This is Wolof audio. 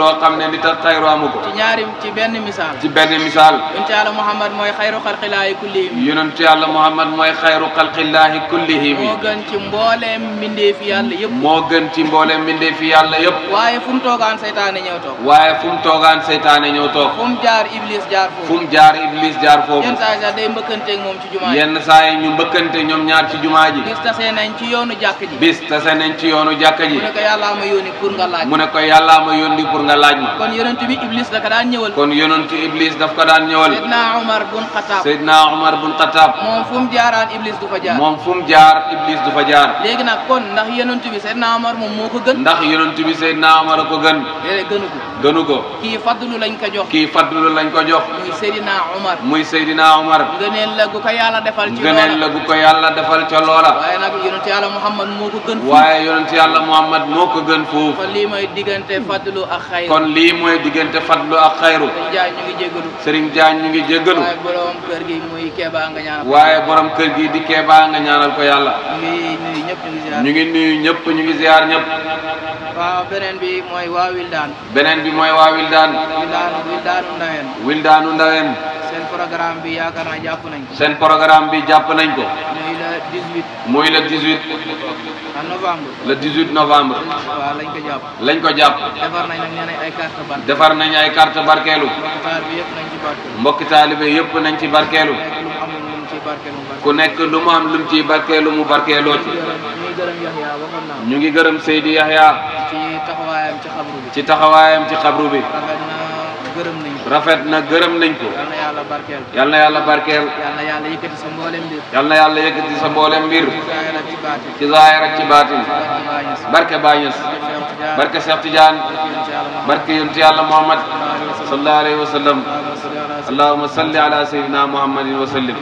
am loo xam ne li tax xayru amu ko. ci ñaari ci benn misaal. ci benn misaal. yonent yàlla Muhammad mooy xayru xalqillaahi kullihim. yonent yàlla Muhammad mooy xayru xalqillaahi kullihim. moo gën ci mbooleem mbindeef yàlla yëpp. moo gën ci mbooleem mbindeef yàlla yëpp. waaye fu mu toogaan seytaane ñëw toog. waaye fu mu toogaan seytaane ñëw toog. fu mu jaar iblis jaar foofu. fu mu jaar iblis jaar foofu. yenn saa yi sax day mbëkkanteeg moom ci jumaa ji. yenn saa yi ñu mbëkkante ñoom ñaar ci jumaa ji. bis tase nañ ci yoonu jàkk ji. bis tase nañ ci yoonu jàkk ji. mu ne ko yàllaa ma yónni pour nga laaj. mu ne ko yàllaa ma yónni pour nga laaj ma. kon yonent da Iblis daf ko daan ñëwal. kon yonent Iblis daf ko daan ñëwal. bun Xataab. Seydina Omar bun Xataab. moom fu mu jaaraan Iblis du fa jaar. moom fu mu jaar Iblis du fa jaar. léegi na kon ndax yonent bi Seydina Omar moom moo ko gën. ndax yonent bi Seydina Omar a ko gën. déedéet gënu ko. gënu ko. kii fadlu lañ ko jox. kii fadlu lañ ko jox. muy Seydina Omar. muy Seydina Omar. ngëneel la gu ko yàlla defal. ci loola ngëneel la gu ko yàlla defal ca loola. waaye nag yonent yàlla Muhammad moo ko gën. waaye yonent yàlla Muhammad moo ko gën foofu. kon lii mooy diggante fadlu ak xayru. kon lii mooy diggante fadlu ak xayru. Serigne Diagne ñu ngi jégalu. Serigne Diagne ñu ngi jégalu. waaye borom kër gi muy Kéba nga ñaanal. kër gi di Kéba nga ko yàlla. ñu ngi nuyu ñëpp ñu ngi ziar ñëpp waaw beneen bi mooy waa Wildaan. beneen bi mooy waa Wildaan. Wildaan Wildaanu Ndaween. seen programme bi yaakaar jàpp nañ ko. seen programme bi jàpp nañ ko. muy le 18. muy le 18. en ah, novembre. le 18 novembre. waaw lañ ko jàpp. lañ ko jàpp. defar nañ nag ay carte barkeelu. nañ ay carte barkeelu. mbokki taalibe yëpp nañ ci barkeelu. mbokki nañ ci barkeelu. ku nekk lu mu am mu ciy ci ngi gërëm Seydi Yaxya ci taxawaayam ci xabru bi rafet na gërëm nañ ko yal na yàlla barkeel yal na yàlla yëkkati sa mboolem mbir yal na yàlla yëkkati sa mboolem mbir ci zaahir ak ci baatin barke Bañes barke Cheikh Tidiane barke yonent yàlla Muhammad sallallahu alayhi wa sallam allahumma salli ala sayyidina muhammadin wa sallim